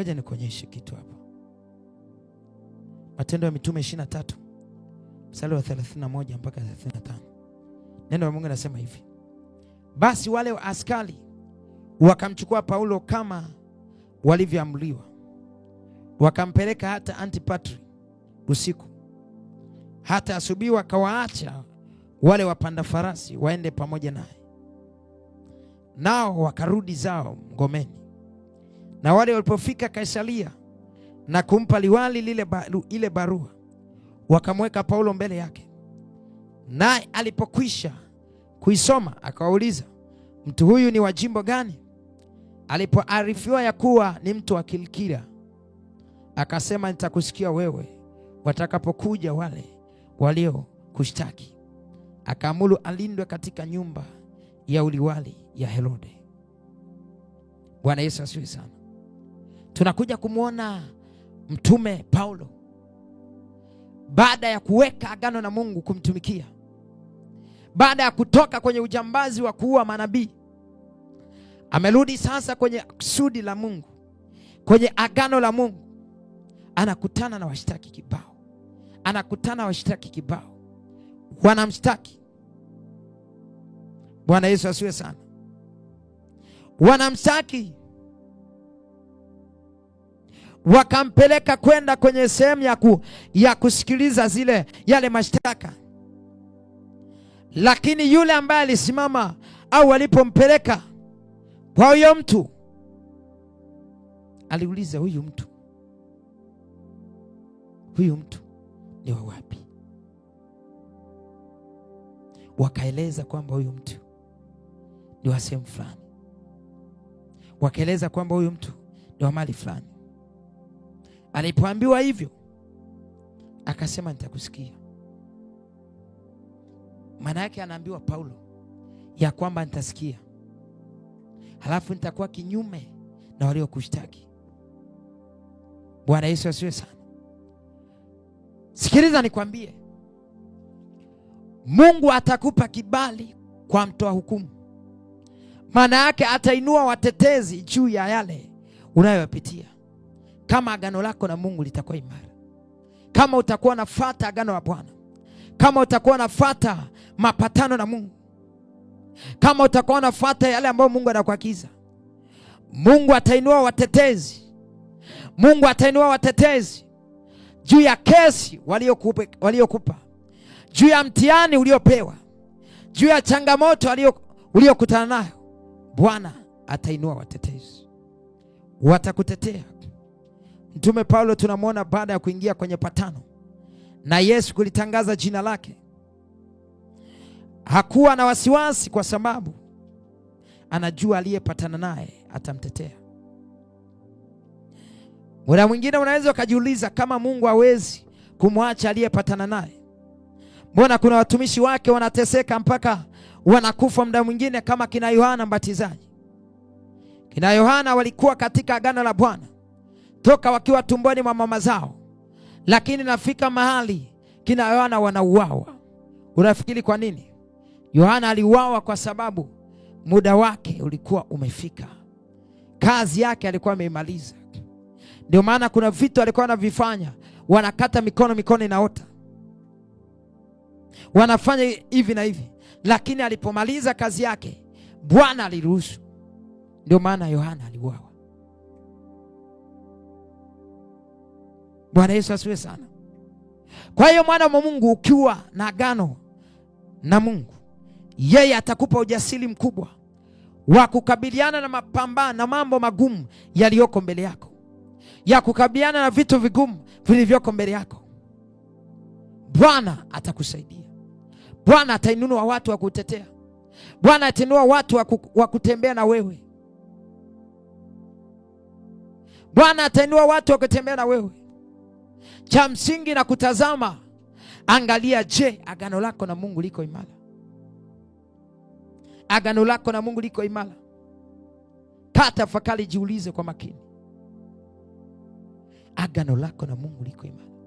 Ngoja nikuonyeshe kitu hapa. Matendo ya Mitume 23 mstari wa 31 mpaka 35. Neno la Mungu linasema hivi: basi wale wa askari wakamchukua Paulo kama walivyoamriwa, wakampeleka hata Antipatri usiku. Hata asubuhi wakawaacha wale wapanda farasi waende pamoja naye, nao wakarudi zao ngomeni. Na wale walipofika Kaisaria na kumpa liwali lile ile barua, wakamweka Paulo mbele yake, naye alipokwisha kuisoma akawauliza, mtu huyu ni wa jimbo gani? Alipoarifiwa ya kuwa ni mtu wa Kilikia, akasema, nitakusikia wewe watakapokuja wale waliokushtaki. Akaamuru alindwe katika nyumba ya uliwali ya Herode. Bwana Yesu asifiwe sana tunakuja kumwona mtume Paulo baada ya kuweka agano na Mungu kumtumikia, baada ya kutoka kwenye ujambazi wa kuua manabii, amerudi sasa kwenye kusudi la Mungu, kwenye agano la Mungu. Anakutana na washtaki kibao, anakutana washtaki kibao, wanamshtaki. Bwana Yesu asiwe sana, wanamshtaki wakampeleka kwenda kwenye sehemu ya, ku, ya kusikiliza zile yale mashtaka, lakini yule ambaye alisimama au walipompeleka kwa huyo mtu, aliuliza huyu mtu huyu mtu ni wa wapi? Wakaeleza kwamba huyu mtu ni wa sehemu fulani, wakaeleza kwamba huyu mtu ni wa mali fulani Alipoambiwa hivyo akasema nitakusikia. Maana yake anaambiwa Paulo ya kwamba nitasikia, halafu nitakuwa kinyume na waliokushtaki. Bwana Yesu asiwe sana. Sikiliza nikwambie, Mungu atakupa kibali kwa mtoa hukumu. Maana yake atainua watetezi juu ya yale unayopitia kama agano lako na Mungu litakuwa imara, kama utakuwa nafuata agano la Bwana, kama utakuwa nafuata mapatano na Mungu, kama utakuwa nafuata yale ambayo Mungu anakuagiza, Mungu atainua watetezi, Mungu atainua watetezi juu ya kesi waliokupa, waliokupa juu ya mtihani uliopewa, juu ya changamoto uliokutana nayo. Bwana atainua watetezi, watakutetea Mtume Paulo tunamwona baada ya kuingia kwenye patano na Yesu kulitangaza jina lake, hakuwa na wasiwasi kwa sababu anajua aliyepatana naye atamtetea. Muda mwingine unaweza ukajiuliza kama Mungu hawezi kumwacha aliyepatana naye, mbona kuna watumishi wake wanateseka mpaka wanakufa muda mwingine, kama kina Yohana Mbatizaji. Kina Yohana walikuwa katika agano la Bwana toka wakiwa tumboni mwa mama zao, lakini nafika mahali kina Yohana wanauawa. Unafikiri kwa nini? Yohana aliuawa kwa sababu muda wake ulikuwa umefika, kazi yake alikuwa ameimaliza. Ndio maana kuna vitu alikuwa anavifanya, wanakata mikono, mikono inaota, wanafanya hivi na hivi, lakini alipomaliza kazi yake Bwana aliruhusu. Ndio maana Yohana aliuawa. Bwana Yesu asiwe sana. Kwa hiyo mwana wa Mungu, ukiwa na agano na Mungu, yeye atakupa ujasiri mkubwa wa kukabiliana na mapambano na mambo magumu yaliyoko mbele yako, ya kukabiliana na vitu vigumu vilivyoko mbele yako. Bwana atakusaidia. Bwana atainunua watu wa kutetea. Bwana atainua watu wa kutembea na wewe. Bwana atainua watu wa kutembea na wewe. Cha msingi na kutazama, angalia, je, agano lako na Mungu liko imara? Agano lako na Mungu liko imara? Katafakari, jiulize kwa makini, agano lako na Mungu liko imara?